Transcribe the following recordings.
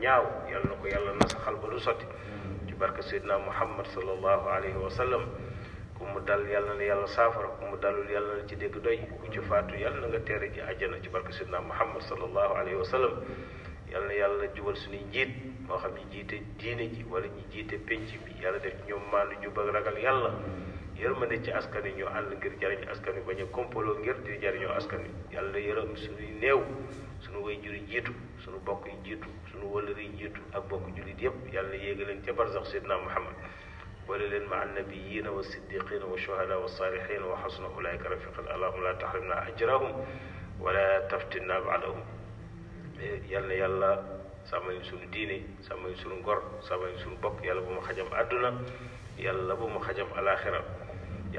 ñaaw yal na ko yàlla nasaxal ba du sotti mm. ci barke Seydina Muhammad sallallahu alayhi wa sallam ku mu dal yàlla na yàlla saafara ku mu dalul yàlla na ci dégg doy ku ci faatu yàlla na nga teere ji àjjana ci barke Seydina Muhammad sallallahu alayhi wa sallam yàlla na yàlla jubal suñuy njiit moo xam ñi jiite diine ji wala ñi jiite pénc bi yàlla def ñoom maanu jub ak ragal yàlla mm. yërmande ci askan wi ñoo ànd ngir jariñ askan wi bañ a kompaloo ngir di jariñoo askan wi yàlla yërëm suñuy néew suñu way juri jiitu suñu bokk yi jiitu suñu wëlër yi jiitu ak bokk jullit yépp yàlla yéega leen ca barzax sidna muhammad boole leen ma annabiyiina wa siddiqiina wa shuhada wa saalihiina wa xasuna ulaayka rafiqan allahuma la tahrimna ajrahum wala taftinna baadahum yàlla yàlla sama suñu diine sàmmañ suñu ngor sàmmañ suñu bokk yàlla bu mu xajam àdduna yàlla bu mu xajam alaxira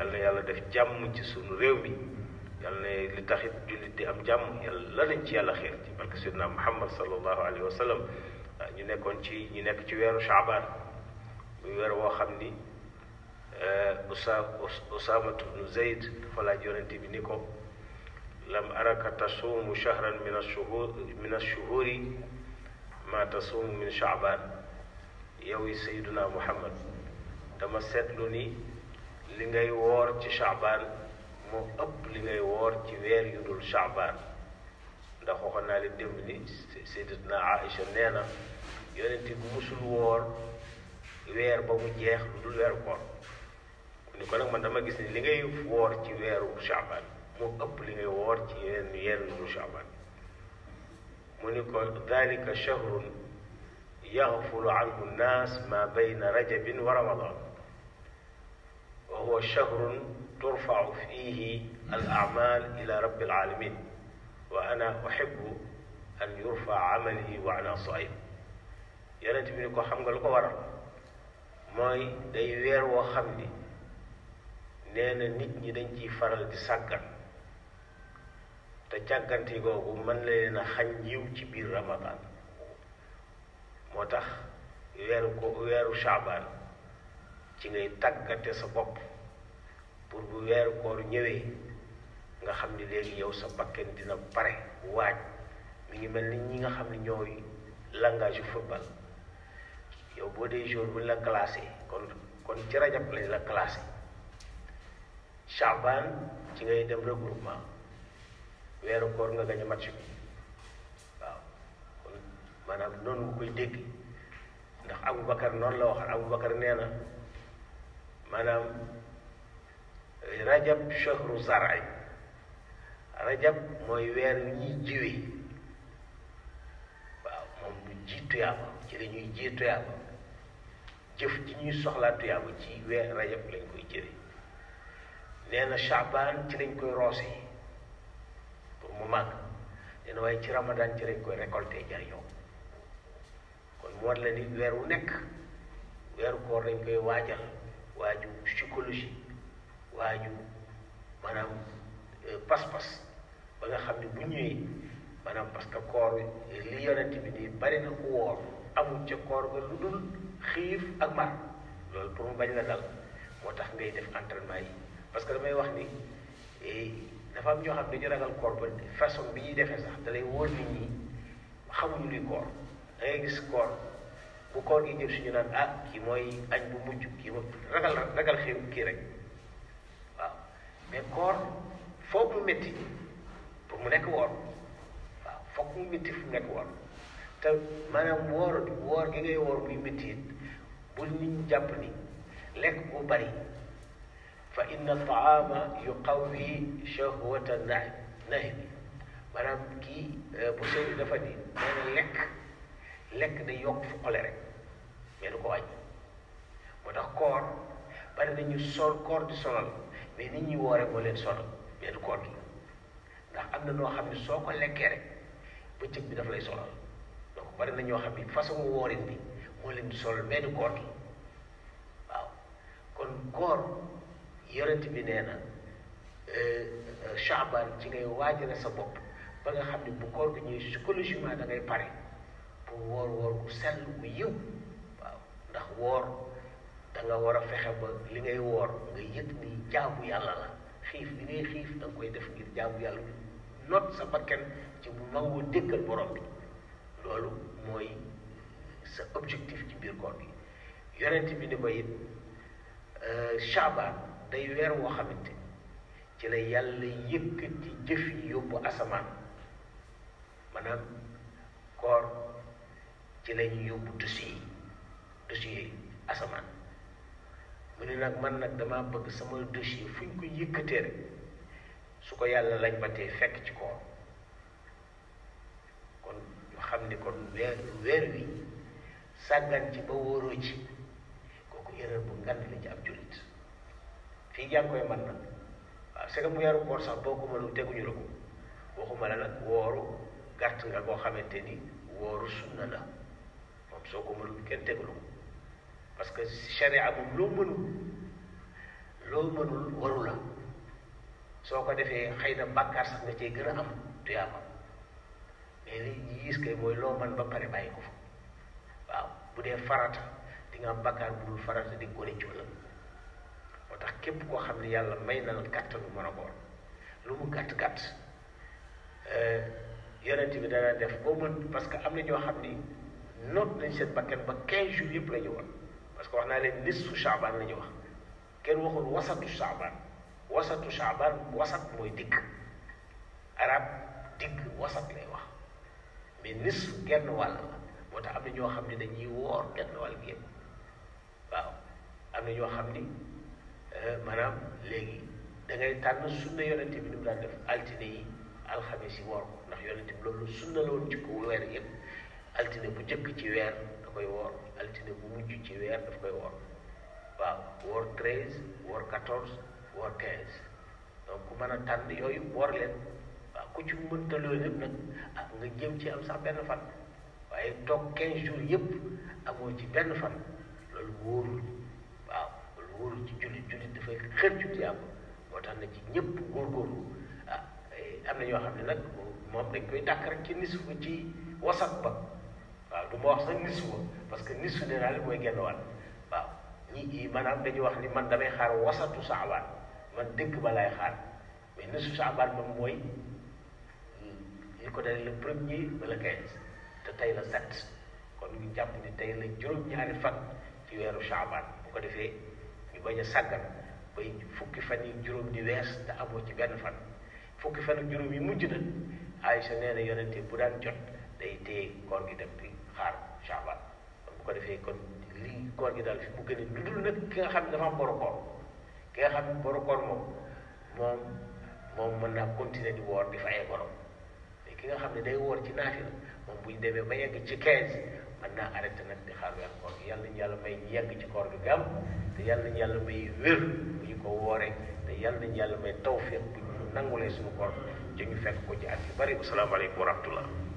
yàlla na yàlla def jàmm ci sunu réew mi yàlla na li taxit jullit di am jàmm yàlla nañ ci yàlla xeer ci barke Seydina Muhammad sallallahu alayhi wa sallam ah, ñu nekkoon ci ñu nekk ci weeru Chaabaan muy weer woo xam ni eh, Usa Usaamatu bnu Zayd dafa laaj yonente bi ni ko lam min ashuhur min ma tasuumu min Chaabaan yow yi Muhammad dama seetlu ni. li ngay woor ci chaabaan ëpp li ngay woor ci weer yu dul chaabaan ndax waxoon naa leen démb ni sayyidatna Aïcha nee na yonent bi musul woor weer ba mu jeex lu dul weeru ni ko nag man dama gis ni li ngay woor ci weeru chaabaan moo ëpp li ngay woor ci yeneen yenn lu chaabaan mu ni ko dalika shahrun yaxfulu anhu nnaas ma bayna rajabin wa ramadan huwa shahrun turfau fihi al ila rabbi al alamin wa ana an yurfa amali wa ana saim yonent bi ni ko xam nga lu ko waral mooy day weer woo xam ni nee nit ñi dañ ciy faral di sàggan te càggante googu mën na leen a ci biir ramadan moo tax weeru ko weeru shaabaan ci ngay tàggate sa bopp pour bu weeru koor ñëwee nga xam ni léegi yow sa bakken dina pare waaj mi ngi mel ni ñi nga xam ne ñooy langage football yow boo dee jour bu la classé kon kon ci rajab lañ la classé chaban ci ngay dem regroupement weeru koor nga gañ a match bi waaw kon maanaam noonu nga koy dégg ndax Aboubacar noonu la wax Aboubacar nee na maanaam rajab shahru zar'i rajab mooy weer wi ñuy jiwe waaw moom bu ji tuyaaba ci la ñuy jee tuyaaba jëf ji ñuy soxlaa tuyaaba ci weer rajab lañ koy jëre nee na shaabaan ci lañ koy roose pour mu màgg nee na waaye ci ramadan ci lañ koy récolté jariñoo kon mu war la nit weer wu nekk weeru koor lañ koy waajal waaye ñu maanaam euh, pas ba nga xam ne bu ñëwee maanaam parce que koor li yonent bari na ku woor amul ca koor ba lu dul xiif ak mar loolu pour mu bañ la dal moo tax ngay def entraînement yi parce que damay wax ni eh, dafa am ñoo xam ne dañu ragal koor ba façon bi ñuy defee sax da lay wóor nit ñi xamuñu luy koor da gis koor bu koor gi ñëw suñu naan ah kii mooy añ bu mujj kii mooy ragal ragal xiif kii rek mais koor foog mu métti pour mu nekk woor waaw foog mu métti fu nekk woor te maanaam woor woor gi ngay woor muy métti it bu nit jàpp ni lekk bu bari fa inna taama yuqawwi shahwata nahi maanaam kii euh, bu sëy dafa ni nee na lekk lekk day yokk fu xole rek mais du ko wàññi moo tax koor bari nañu sol koor di solal mais nit ñi woore boo leen sonal benn koor gi ndax am na noo xam ne soo ko lekkee rek bëccëg bi daf lay sonal donc bari na ñoo xam ne façon woorin bi moo leen di sonal mais koor gi waaw kon koor yorent bi nee na euh, Shaaban ci ngay waajale sa bopp ba nga xam ne bu koor gi ñuy psychologiquement da ngay pare pour woor woor ku sell ku yiw waaw ndax woor da nga war a fexe ba li ngay woor nga yëg ni jaamu yàlla la xiif li ngay xiif da koy def ngir jaamu yàlla not sa bakkan ci bu nangoo déggal borom bi loolu mooy sa objectif ci biir koor yi yonent bi ni ko it euh, Shaabaan day weer woo xamante ci la yàlla yëkkati jëf yi yóbbu asamaan maanaam koor ci lañu yóbbu dossier yi dossier asamaan mu ne nag man nag damaa bëgg sama dossier fu ñu ko yëkkatee rek su ko yàlla lañ ba tee fekk ci koom kon ñu xam ni kon weer weer wi sàggan ci ba wóoroo ci kooku erreur bu ngand la ci ab jullit fii yaa koy man nag waaw c'est que mu yaru koor sax boo ko mënul teguñu la ko ko waxuma la nag wooru gàtt nga boo xamante ni wooru sunna la moom soo ko mënul kenn tegu parce que charia moom loo mënul loo mënul waru la soo ko defee xëy na bàkkaar sax nga cee gën a am tuyaaba mais li ñi gis kay mooy loo man ba pare bàyyi ko fa waaw bu dee farata di nga am bàkkaar bu dul farata di nga ko réccu la moo tax képp koo xam ne yàlla may na la kàttanu mën a koor lu mu gàtt-gàtt euh, yonent bi dana def boo mën parce que am na ñoo xam ni noot nañ seen bakkan ba quinze jours yëpp la ñu woon parce que wax naa leen nisfu chaabaan la ñu wax kenn waxul wasatu chaabaan wasatu chaabaan wasat mooy digg arab digg wasat lay wax mais nisf genn wàll la moo tax am na ñoo xam ne dañuy woor genn wàll gi yëpp waaw am na ñoo xam ni euh, maanaam léegi da ngay tànn sunna yonente bi ni mu daan def altine yi alxames yi woor ko ndax yonente loolu sunna la woon weer yëpp altine bu jëkk ci weer da koy woor altine bu mujj ci weer daf koy woor waaw woor treize woor quatorze woor quinze donc ku a tànn yooyu woor leen waaw ku ci mënta loolu yëpp nag ak ah, nga jëm ci am sax benn fan waaye toog quinze yëpp amoo ci benn fan loolu wóorul waaw loolu wóorul ci jullit jullit dafay xër ci yàpp moo tax na ci ñëpp góorgóorlu ah eh, am na ñoo xam ne nag moom dañ koy dàkk rek ci ci wasat ba waaw du ma wax sax nisfu parce que nisfu nee naa leen mooy genn wan waaw ñi maanaam dañuy wax ni man damay xaar wasatu saabaan man dëkk ba laay xaar mais nisfu saabaan moom mooy li ko dalee le premier ba le quinze te tey la sept kon ñu jàpp ni tey la juróom-ñaari fan ci weeru saabaan bu ko defee ñu bañ a sàggan bay fukki fan yi juróom di wees te amoo ci benn fan fukki fan juróom yi mujj na Aysa nee na yonente bu daan jot day téye koor gi dem bi defee kon lii koor gi daal fi mu gën a dudul nag ki nga xam ne dafa am boru koor ki nga xam ne boru koor moom moom moom mën naa continuer di woor di fayee borom te ki nga xam ne day woor ci naafila moom bu ñu demee ba yegg ci 15 mën naa arrêté nag di xaar weer koor gi yàlla ñu yàlla may yegg ci koor gi gam te yàlla ñu yàlla may wér bu ñu ko wooree te yàlla ñu yàlla may tawfiq bu ñu nangulee suñu koor te ñu fekk ko ci at yu bari asalaamaaleykum wa rahmatullah